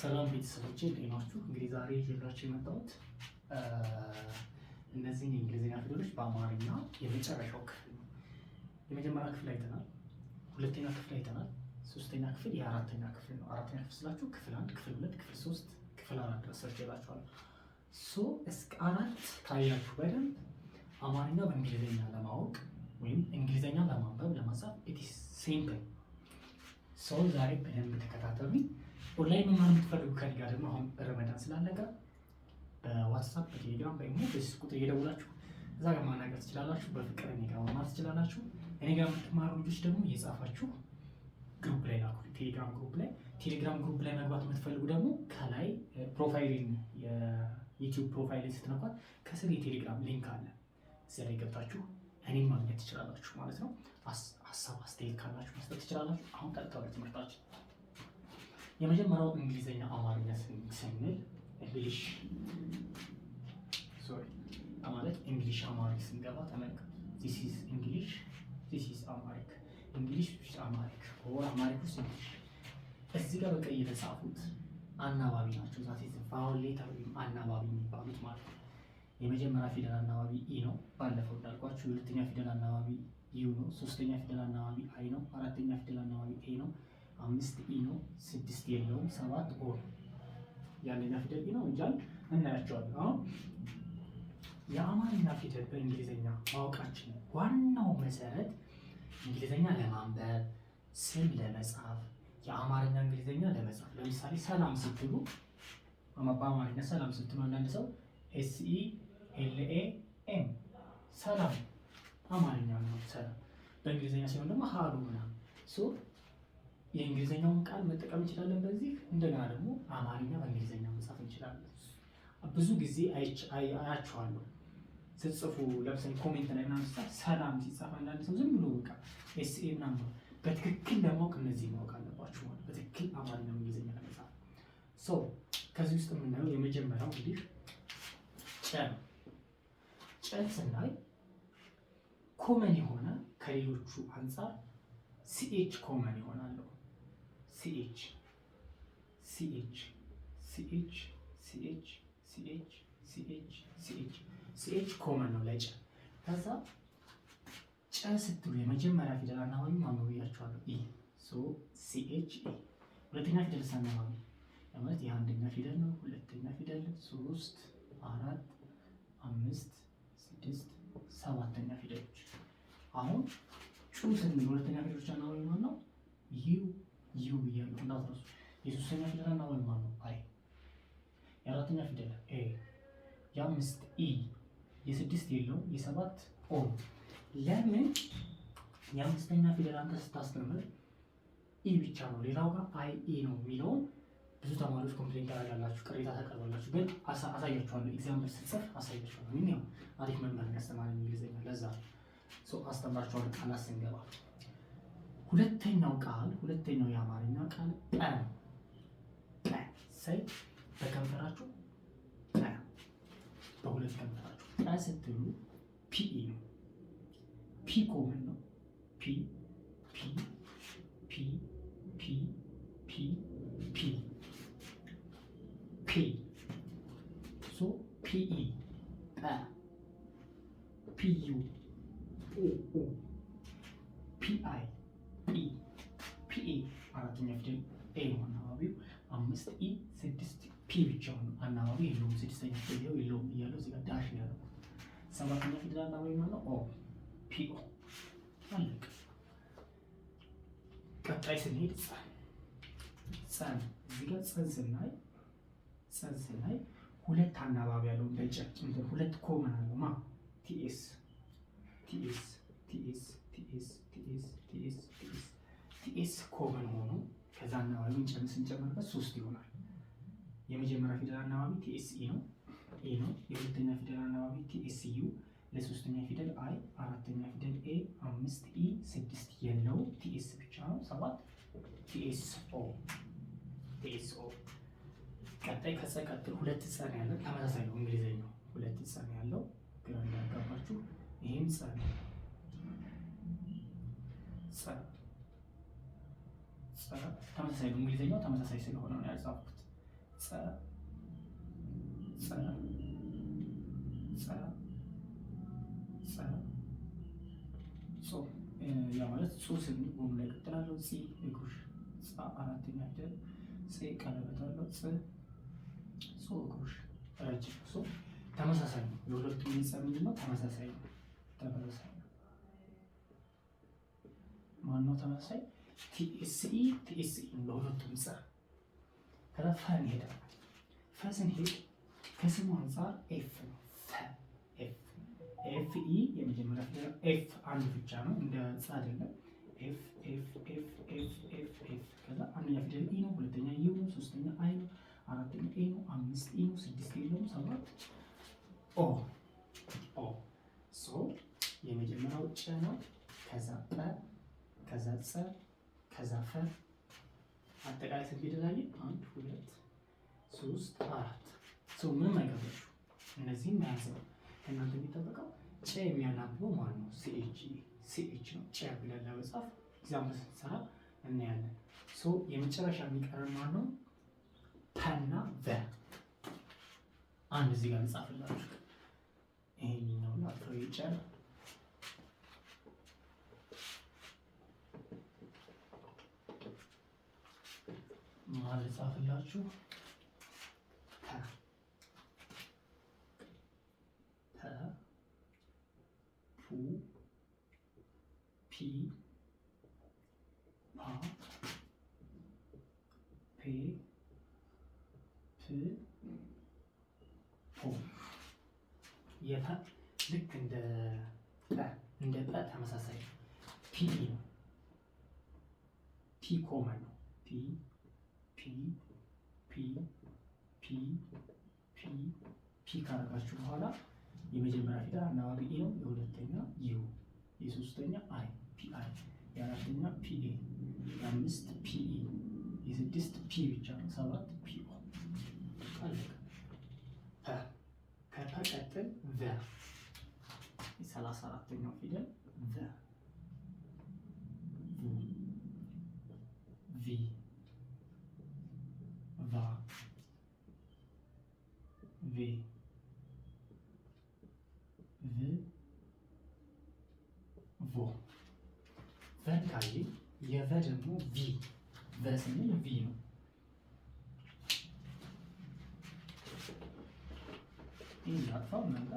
ሰላም ቤተሰቦቼ እንዴት ናችሁ? እንግዲህ ዛሬ ይዤላችሁ የመጣሁት እነዚህን የእንግሊዝኛ ፊደሎች በአማርኛ የመጨረሻው ክፍል ነው። የመጀመሪያ ክፍል አይተናል፣ ሁለተኛ ክፍል አይተናል፣ ሶስተኛ ክፍል የአራተኛ ክፍል ነው። አራተኛ ክፍል ስላችሁ ክፍል አንድ፣ ክፍል ሁለት፣ ክፍል ሶስት፣ ክፍል አራት ድረስ ሰርቼላችኋለሁ። ሶ እስከ አራት ካያችሁ በደንብ አማርኛ በእንግሊዝኛ ለማወቅ ወይም እንግሊዝኛ ለማንበብ ለማጻፍ ኢትስ ሰው ዛሬ በደንብ ተከታተሉኝ። ኦንላይን መማር የምትፈልጉ ከኔ ጋር ደግሞ አሁን ረመዳን ስላለቀ በዋትሳፕ በቴሌግራም በኢሞ ፌስቡክ ቁጥር እየደውላችሁ እዛ ጋር ማናገር ትችላላችሁ። በፍቅር እኔ ጋር መማር ትችላላችሁ። እኔ ጋር የምትማሩ ልጆች ደግሞ እየጻፋችሁ ግሩፕ ላይ ላኩ። ቴሌግራም ግሩፕ ላይ ቴሌግራም ግሩፕ ላይ መግባት የምትፈልጉ ደግሞ ከላይ ፕሮፋይሊን የዩቲዩብ ፕሮፋይልን ስትነኳት ከስር የቴሌግራም ሊንክ አለ። እዚያ ላይ ገብታችሁ እኔን ማግኘት ትችላላችሁ ማለት ነው። ሀሳብ አስተያየት ካላችሁ መስጠት ትችላላችሁ። አሁን ቀጥታ ወደ ትምህርታችን የመጀመሪያው እንግሊዝኛ አማርኛ ስንል እንግሊሽ ሶሪ ማለት እንግሊሽ አማሪክ ስንገባ ተመልክ ዚስ ኢዝ እንግሊሽ ዚስ ኢዝ አማሪክ እንግሊሽ ውስጥ አማሪክ ወር አማሪክ ውስጥ እንግሊሽ እዚህ ጋር በቀይ የተጻፉት አናባቢ ናቸው። ዛት ኢዝ ቫዮሌተር ወይም አናባቢ የሚባሉት ማለት ነው። የመጀመሪያ ፊደል አናባቢ ኢ ነው፣ ባለፈው እንዳልኳችሁ። የሁለተኛ ፊደል አናባቢ ዩ ነው። ሶስተኛ ፊደል አናባቢ አይ ነው። አራተኛ ፊደል አናባቢ ኤ ነው። አምስት ኢ ነው፣ ስድስት የለውም፣ ሰባት ኦ ነው። የአንደኛ ፊደል ኢ ነው እንጃል እናያቸዋለን። አሁን የአማርኛ ፊደል በእንግሊዝኛ ማወቃችን ዋናው መሰረት እንግሊዝኛ ለማንበብ ስም ለመጻፍ የአማርኛ እንግሊዝኛ ለመጻፍ ለምሳሌ ሰላም ስትሉ በአማርኛ ሰላም ስትሉ አንዳንድ ሰው ኤስኢ ኤልኤ ኤም ሰላም አማርኛ ነው ሰላም። በእንግሊዝኛ ሲሆን ደግሞ ሀሉ ምናምን የእንግሊዝኛውን ቃል መጠቀም እንችላለን። በዚህ እንደገና ደግሞ አማርኛ በእንግሊዝኛ መጻፍ እንችላለን። ብዙ ጊዜ አያችኋለሁ ስትጽፉ ለምሳሌ ኮሜንት ላይ ምናምን ሲጻፍ ሰላም ሲጻፍ አንዳንድ ሰው ዝም ብሎ በቃ ኤስኤ ምናምን በትክክል ለማወቅ እነዚህ ማወቅ አለባችሁ። ማለት በትክክል አማርኛ እንግሊዝኛ ለመጻፍ ሰው ከዚህ ውስጥ የምናየው የመጀመሪያው እንግዲህ ጨ ነው። ጨ ስናይ ኮመን የሆነ ከሌሎቹ አንጻር ሲኤች ኮመን ይሆናለሁ ሲኤች ሲኤች ሲኤች ሲኤች ሲኤች ሲኤች ሲኤች ሲኤች ኮመን ነው ለጨ። ከዛ ጨ ስትሉ የመጀመሪያ ፊደል አናባቢ ማንበብ ብያችኋለሁ። ኢ ሶ ሲኤች ኢ ሁለተኛ ፊደል ሳናባቢ ማለት የአንደኛ ፊደል ነው። ሁለተኛ ፊደል ሶስት፣ አራት፣ አምስት፣ ስድስት፣ ሰባተኛ ፊደሎች። አሁን ጩ ስንል ሁለተኛ ፊደሎች አናባቢ ማን ነው? ዩ ዩ ብያለሁ እንዳትረሱ። የሶስተኛ ፊደል እና ወይ ማን ነው? አይ የአራተኛ ፊደል ኤ የአምስት ኢ የስድስት የለው፣ የሰባት ኦ። ለምን የአምስተኛ ፊደል አንተ ስታስተምር ኢ ብቻ ነው፣ ሌላው ጋር አይ ኢ ነው የሚለውን ብዙ ተማሪዎች ኮምፕሌንት ያደርጋላችሁ፣ ቅሬታ ታቀርባላችሁ። ግን አሳያችኋለሁ፣ ኤግዛምፕል ስትጽፍ አሳያችኋለሁ። ግን ያው አሪፍ መምህር ያስተማረኝ እንግሊዝኛ ለዛ ሰው አስተምራችኋለሁ ቃላት ስንገባ ሁለተኛው ቃል ሁለተኛው የአማርኛ ቃል ጠ ጠ ሰይ በከንፈራችሁ ጠ በሁለት ከንፈራችሁ ጠ ስትሉ ፒኢ ነው። ፒ ኮመን ነው። ፒ ፒ ፒ ፒ ፒ ፒ ፒ ሶ ፒኢ የለውም። ስድስተኛ ፊደል የለውም እያለው እዚህ ጋር ዳሽ ነው ያለው። ሰባተኛ ነው አላማ የሚሆነው ኦ ፒኦ አለቀ። ቀጣይ ስንሄድ ጸን እዚህ ጋር ጸን ስናይ ጸን ስናይ ሁለት አናባቢ ያለው እንደ ሁለት ኮመን አለው ማ ቲኤስ ቲኤስ ቲኤስ ቲኤስ ቲኤስ ቲኤስ ቲኤስ ቲኤስ ኮመን ሆኖ ከዛ አናባቢ እንጨምስ እንጨምርበት ሶስት ይሆናል። የመጀመሪያ ፊደል አናባቢ ቲኤስኢ ነው ኤ ነው። የሁለተኛ ፊደል አናባቢ ቲኤስዩ፣ ለሶስተኛ ፊደል አይ፣ አራተኛ ፊደል ኤ፣ አምስት ኢ፣ ስድስት የለው ቲኤስ ብቻ ነው። ሰባት ቲኤስኦ ቲኤስኦ። ቀጣይ ከዛ ቀጥል ሁለት ጸ ነው ያለው ተመሳሳይ ነው እንግሊዝኛው ሁለት ጸ ነው ያለው ግራ እንዳያጋባችሁ። ይህም ጸ ነው ተመሳሳይ ነው እንግሊዝኛው ተመሳሳይ ስለሆነ ነው ያጻፍኩት። ፀ ፀ ፀ ፀ ጾ ያ ማለት ጾ ስንል ጎም ላይ ቀጥላለሁ። ፂ እግር ፃ አራተኛ ፊደል ፅ ቀለበት አለው። ፅ ጾ እግር ረጅም ጾ ተመሳሳይ ነው። የሁለቱም ንጻ ምንድነው? ተመሳሳይ ነው። ተመሳሳይ ነው። ማነው ተመሳሳይ? ቲኤስኢ ቲኤስኢ በሁለቱም ንጻ ከዛ ፈ እንሄዳል። ፈ ስንሄድ ከስሙ አንጻር ኤፍ ነው። ኤፍ ኢ የመጀመሪያ ፊደል ኤፍ አንድ ብቻ ነው፣ እንደ ጻ አይደለም። ኤፍ ኤፍ ኤፍ ኤፍ ኤፍ ኤፍ ከዛ አንደኛ ፊደል ኢ ነው፣ ሁለተኛ ዩ ነው፣ ሶስተኛ አይ ነው፣ አራተኛ ኤ ነው፣ አምስት ኢ ነው፣ ስድስት ኤ ነው፣ ሰባት ኦ ኦ ሶ የመጀመሪያው ጨ ነው። ከዛ ጠ ከዛ ጸ ከዛ ፈ አጠቃላይ ስንት ፊደል አንድ ሁለት ሶስት አራት። ሰው ምንም አይገባችሁ። እነዚህም መያዝ ነው ከእናንተ የሚጠበቀው ጨ የሚያናብበው ማለት ነው ሲኤች ሲኤች ነው ጨ ብለን ለመጻፍ ኤግዛምፕል ስንሰራ እናያለን። ሶ የመጨረሻ የሚቀረን ማለት ነው ፐና ቨ አንድ እዚህ ጋር እንጻፍላችሁ ይሄኛው ላፍሮ ይጨራል 말을 ጻ으려주 다. 다. 부. 비. 바. 배. 부. 보. 얘가 ልክ እንደ ፐ እንደ ፐ ተመሳሳይ ፒ ነው። ፒ ኮመን ነው። ፒ P, P, P, P, ፒ ካረጋችሁ በኋላ የመጀመሪያ ፊደል አናባቢ ኤ ነው። የሁለተኛ ዩ፣ የሶስተኛ አይ ፒ አይ፣ የአራተኛ ፒ ኤ፣ የአምስት ፒ ኢ፣ የስድስት ፒ ብቻ ነው። ሰባት ፒ ኦ አለቀ። ከፐ ቀጥል ቨ፣ የሰላሳ አራተኛው ፊደል ቨ ቪ ቨ ካየ የቨ ደግሞ ቪ ቨ ስንል ቪ ነው። ይህ አጥፋው እናንተ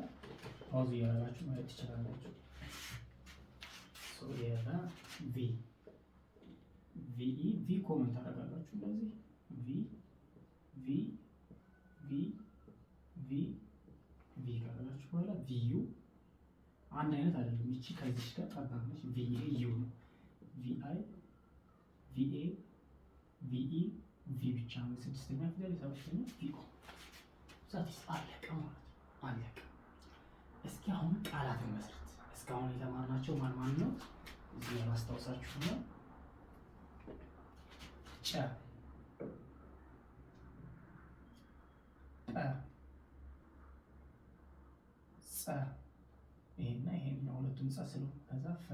ፓውዝ እያደረጋችሁ ማለት ትችላላችሁ። የቨ ቪ ቪኢ ቪ ኮመን ታደርጋላችሁ። እንደዚህ ቪ ቪ ቪ ቪ ቪ ካደረጋችሁ በኋላ ቪዩ አንድ አይነት አይደለም። ይቺ ከዚች ጋር ጠባለች። ቪ ዩ ነው ቪአይ ቪኤ ቪኢ ቪ ብቻ ነው ስድስተኛ ፊደል፣ የሰባተኛ ቪኦ ዛትስ አለቀ ማለት ነው። አለቀ። እስኪ አሁን ቃላት መስረት። እስካሁን የተማርናቸው ማን ማን ነው? እዚህ ለማስታወሳችሁ ነው። ጨ ጸ ይሄና ይሄ ሁለቱም ጸ ስለ ከዛ ፈ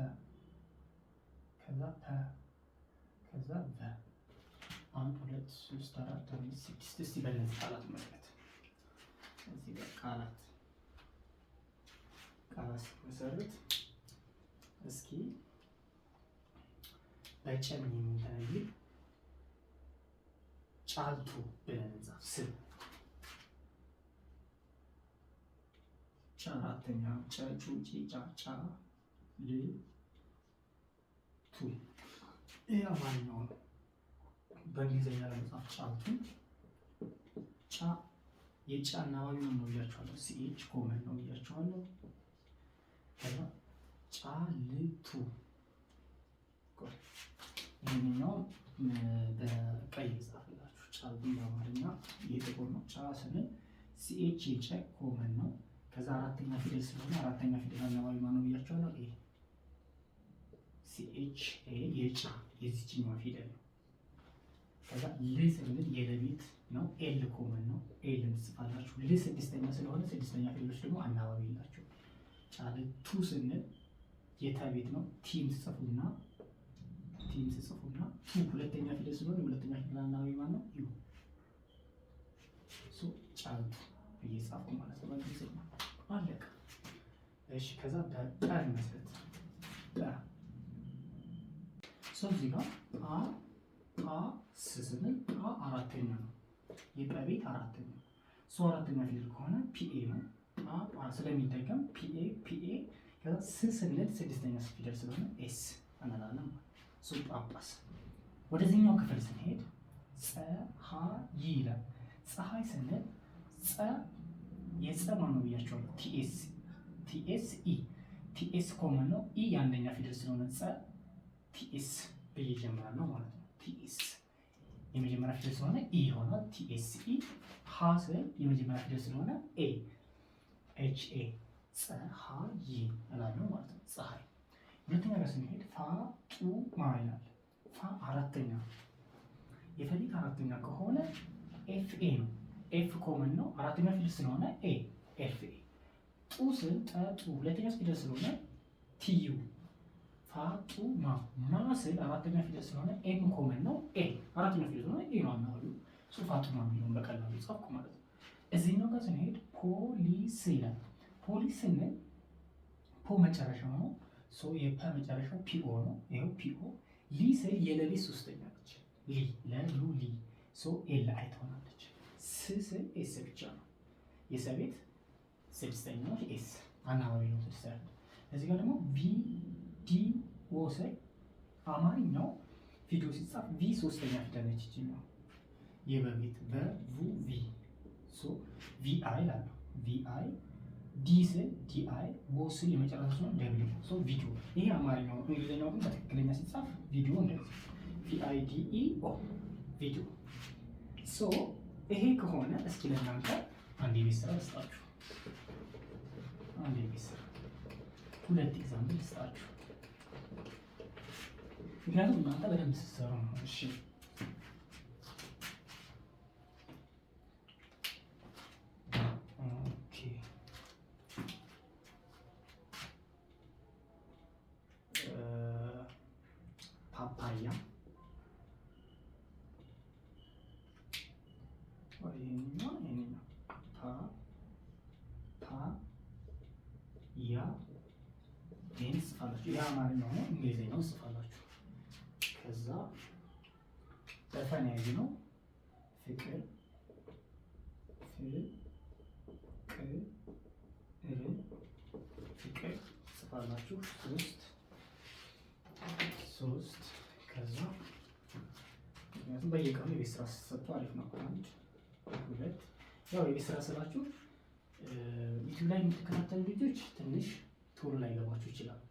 ከዛ ፐ ከዛ በ አንድ ሁለት ሶስት አራት አምስት ስድስት እስቲ በእነዚህ ቃላት መሰረት እዚህ ጋር ቃላት ቃላት ሲመሰረት እስኪ በጨም የሚለይ ጫልቱ ብለን እንጻፍ ስም ጫ አራተኛ ጨ ጩ ጪ ቱ ይህ አማርኛው ነው። በእንግሊዝኛ ለመጻፍ ጫቱ ጫ የጫ አናባቢ ነው ብያቸዋለሁ። ሲኤች ኮመን ነው ብያቸዋለሁ። ከዛ ጫልቱ ይህኛው በቀይ ጻፍላችሁ። ጫልቱ በአማርኛ የጥቁር ነው። ጫ ስንል ሲኤች የጨ ኮመን ነው። ከዛ አራተኛ ፊደል ስለሆነ አራተኛ ፊደል አናባቢ ማነው ብያቸዋለሁ። ሲኤች ኤ የዚችኛዋ ፊደል ነው። ከዛ ል ስንል የለቤት ነው። ኤል ኮመን ነው። ኤል ምጽፋላችሁ ል ስድስተኛ ስለሆነ ስድስተኛ ፊደሎች ደግሞ አናባቢ የላቸው። ጫለ ቱ ስንል የታቤት ነው። ቲም ስጽፉና ቲም ስጽፉና ሁለተኛ ፊደል ስለሆነ ሁለተኛ ፊደል አናባቢ ማለት ነው። ዩ ሶ ጫልቱ እየጻፍኩ ማለት ነው። በዚህ አለቀ። እሺ ከዛ በጣም መስረት ሰው እዚህ ጋር አ አ ስ ስንል አ አራተኛ ነው። የጠ ቤት አራተኛ ሶ አራተኛ ፊደል ከሆነ ፒኤ ነው። አ አ ስለሚደገም ፒኤ ፒኤ ስ ስንል ስድስተኛ ፊደል ስለሆነ ኤስ እንላለን። ሶ ጳጳስ። ወደዚህኛው ክፍል ስንሄድ ፀሐይ ይላል። ፀሐይ ስንል ፀ የፀ ማነው ብያቸዋለሁ። ቲኤስ ቲኤስ ኢ ቲኤስ ኮመን ነው። ኢ የአንደኛ ፊደል ስለሆነ ፀ ቲኤስ ብዬ ጀምራል ነው ማለት ነው። ቲኤስ የመጀመሪያ ፊደል ስለሆነ ኢ ይሆናል። ቲኤስ ኢ ሀ ስል የመጀመሪያ ፊደል ስለሆነ ኤ ኤች ኤ ፀሐይ እላለሁ ማለት ነው። ፀሐይ ሁለተኛ ጋር ስንሄድ ፋጡማ ይላል። ፋ አራተኛ የፈሊት አራተኛ ከሆነ ኤፍ ኤ ነው። ኤፍ ኮመን ነው። አራተኛ ፊደል ስለሆነ ኤ ኤፍ ኤ ጡ ስል ጠጡ ሁለተኛ ፊደል ስለሆነ ቲዩ ፋጡማ ማ ስል አራተኛ ፊደል ስለሆነ ኤም ኮመን ነው። ኤ አራተኛ ፊደል ስለሆነ ኤ ነው አናሉ እሱ ፋጡማ የሚለውን በቀላሉ ጻፍኩ ማለት ነው። እዚህኛው ጋር ስንሄድ ፖሊስ ይላል። ፖሊስ ስንል ፖ መጨረሻው ነው። ሶ የፐ መጨረሻው ፒኦ ነው። ይኸው ፒኦ ሊ ስል የለሌ ሶስተኛ ነች። ሊ ለሉ ሊ ሶ ኤል አይ ትሆናለች። ስ ስል ኤስ ብቻ ነው። የሰቤት ስድስተኛው ኤስ አናባቢ ነው ስድስተኛ። እዚህ ጋር ደግሞ ቪ ዲ ኦ አማርኛው ቪዲዮ ሲጻፍ ቪ ሶስተኛ ፊደል ነች። ይችኛ የበቤት በቡ ቪ ሶ ቪ አይ ላለው ቪ አይ ዲ ስል ዲ አይ ኦ ስል የመጨረሻ ሲሆን ደብሊው ሶ ቪዲዮ። ይሄ አማርኛው ነው። እንግሊዝኛው ግን በትክክለኛ ሲጻፍ ቪዲዮ እንደዚህ ቪ አይ ዲ ኢ ኦ ቪዲዮ። ሶ ይሄ ከሆነ እስኪ ለእናንተ አንድ የቤት ስራ ልስጣችሁ። አንድ የቤት ስራ ሁለት ኤግዛምፕል ልስጣችሁ። ምክንያቱም እናንተ በደንብ ስትሰሩ ነው። እሺ ፓፓያ ያ ይህን ጽፋላችሁ። ያ አማርኛው ነው፣ እንግሊዝኛው ጽፋላችሁ። ከዛ ዘፈን ያዩ ነው ፍቅር ፍቅር ፍቅር ጽፋላችሁ ሶስት ሶስት ከዛ ምክንያቱም በየቀኑ የቤት ስራ ስትሰጡ አሪፍ ነው። አንድ ሁለት ያው የቤት ስራ ስላችሁ ዩቲዩብ ላይ የምትከታተሉ ልጆች ትንሽ ቶሎ ላይ ገባችሁ ይችላል።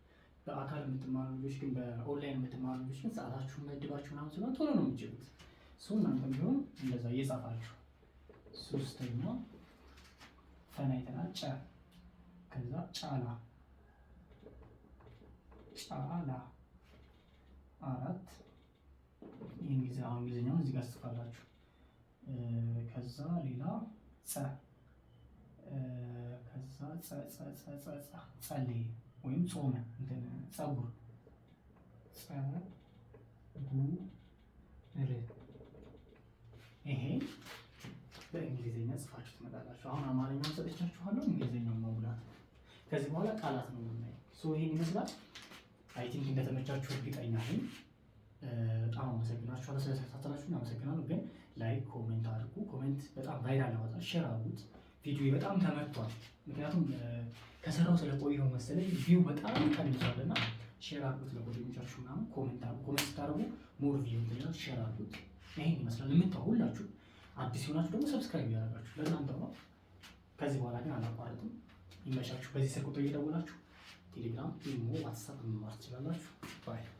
በአካል የምትማሩ ልጆች ግን በኦንላይን የምትማሩ ልጆች ግን ሰዓታችሁ መድባችሁ ምናምን ስለሆነ ቶሎ ነው የምትችሉት። እሱ እናንተም ቢሆን እንደዛ እየጻፋችሁ ሶስተኛ ፈና ጨ ከዛ ጫላ ጫላ አራት እንግሊዝኛውን እዚህ ጋር ስትፋላችሁ ከዛ ሌላ ጸ ከዛ ጸ ጸ ጸ ጸ ጸልይ ወይም ጾመ ጸጉር ጸጉር ይሄ በእንግሊዝኛ ጽፋችሁ ትመጣላችሁ። አሁን አማርኛውን ሰጥቻችኋለሁ፣ እንግሊዝኛውን መሙላት። ከዚህ በኋላ ቃላት ነው የምናየው። ይሄን ይመስላል። አይ ቲንክ እንደተመቻችሁ እርግጠኛ ነኝ። በጣም አመሰግናችኋለሁ ስለተከታተላችሁ አመሰግናለሁ። ግን ላይክ ኮሜንት አድርጉ። ኮሜንት በጣም ቫይራል ያወጣል። ሼር አድርጉት። ቪዲዮ በጣም ተመቷል። ምክንያቱም ከሰራው ስለቆየው መሰለኝ ቪው በጣም ቀንሷል እና ሼር አድርጉት ለጓደኞቻችሁ ምናምን ኮሜንት አድርጉ። ኮሜንት ስታደርጉ ሞር ቪው ይላል። ሼር አድርጉት። ይሄን ይመስላል የምታው ሁላችሁ። አዲስ የሆናችሁ ደግሞ ሰብስክራይብ ያደርጋችሁ ለእናንተ ነው። ከዚህ በኋላ ግን አላቋረጥም። ይመቻችሁ። በዚህ ስልክ ቁጥር እየደወላችሁ ቴሌግራም፣ ኢሞ፣ ዋትሳፕ መማር ትችላላችሁ። ባይ